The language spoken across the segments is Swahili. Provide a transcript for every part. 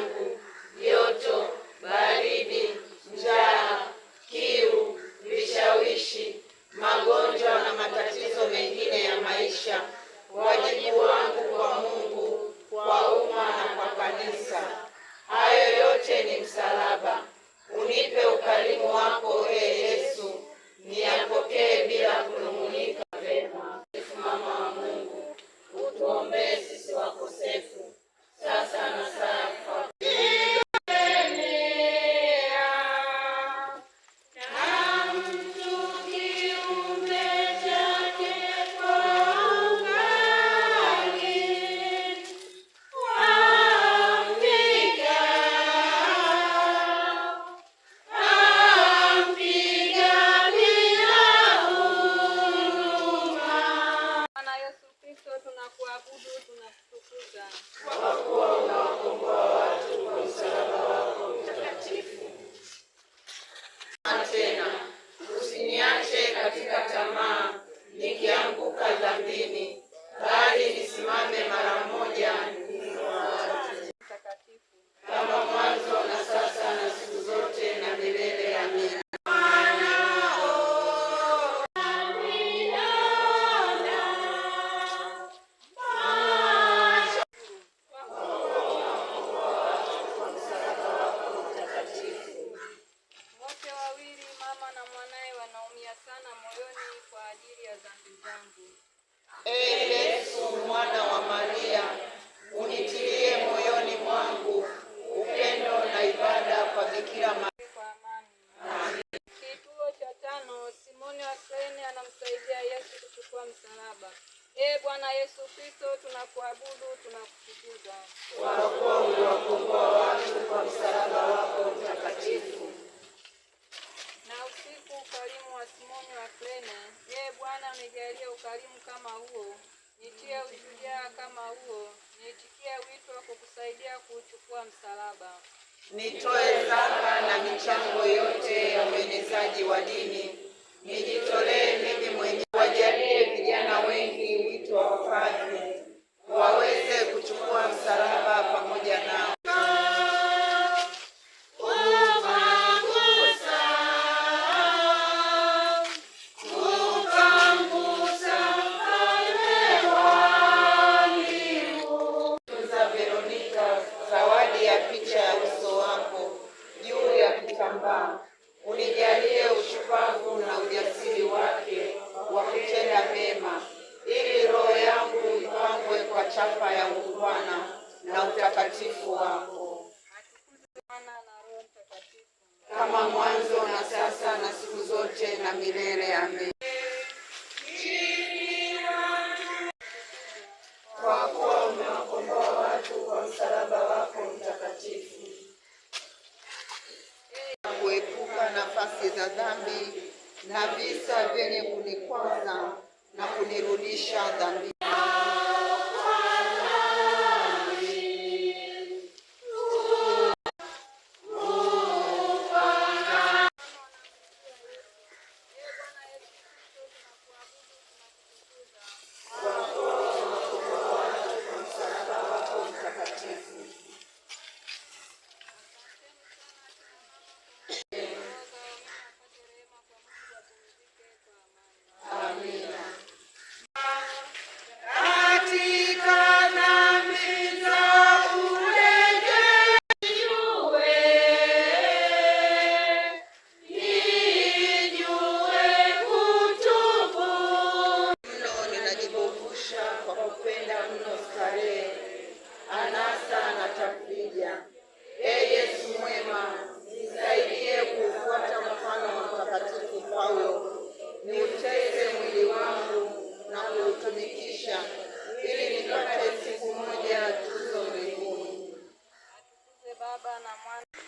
yangu yoto tunakutukuza kwa kuwa unawakomboa watu kwa msalaba wako mtakatifu. Tena usiniache katika tamaa, nikianguka dhambini mama na mwanaye wanaumia sana moyoni kwa ajili ya dhambi zangu. Ee Yesu mwana wa Maria, unitilie moyoni mwangu upendo na ibada kwa Bikira Maria. Kwa amani. Kituo cha tano, Simoni wa Kirene anamsaidia Yesu kuchukua msalaba. Ee Bwana Yesu Kristo, tunakuabudu, tunakutukuza, kwa kuwa uliwakomboa watu kwa msalaba wako mtakatifu ukarimu wa Simoni wa Kurene, je, Bwana amejalia ukarimu kama huo? Nitie ushujaa kama huo, niitikie wito wa kukusaidia kuuchukua msalaba. Nitoe zaka na michango yote ya uenezaji wa dini, nijitolee mimi mwenyewe za dhambi na visa vyenye kunikwaza na kunirudisha dhambi kuthibitisha ili nipate siku moja tuzo mbinguni. Baba na Mwana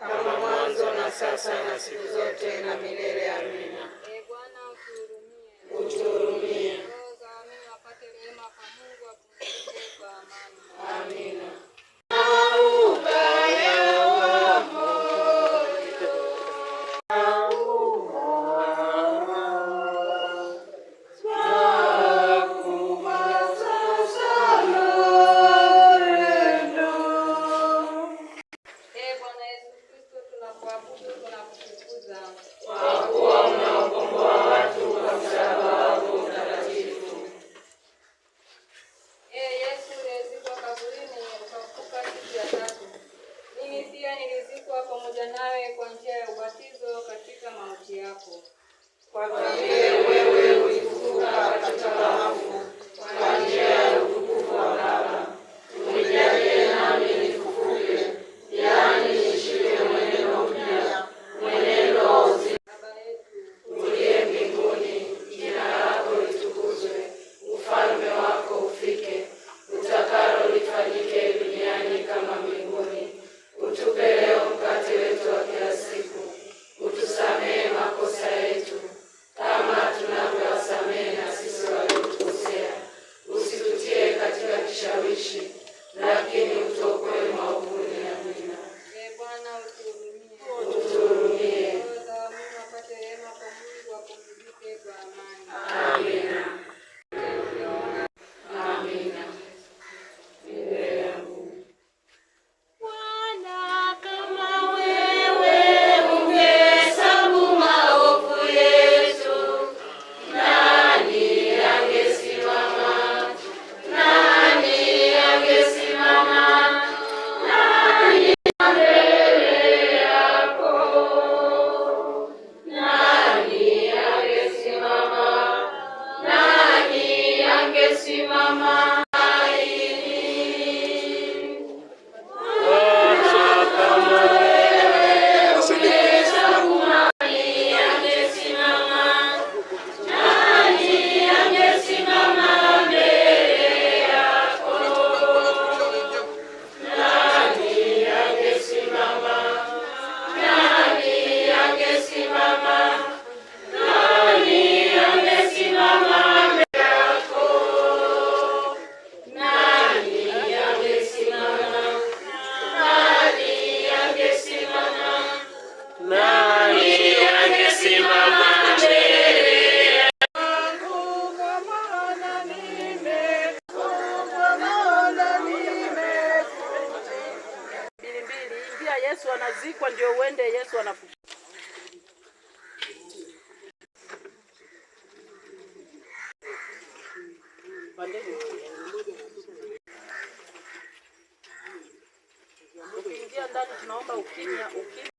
kama mwanzo na sasa na siku zote na milele. Amina. kwa watu kwa msalaba Shivama Tukiingia ndani tunaomba ukimya, ukimya.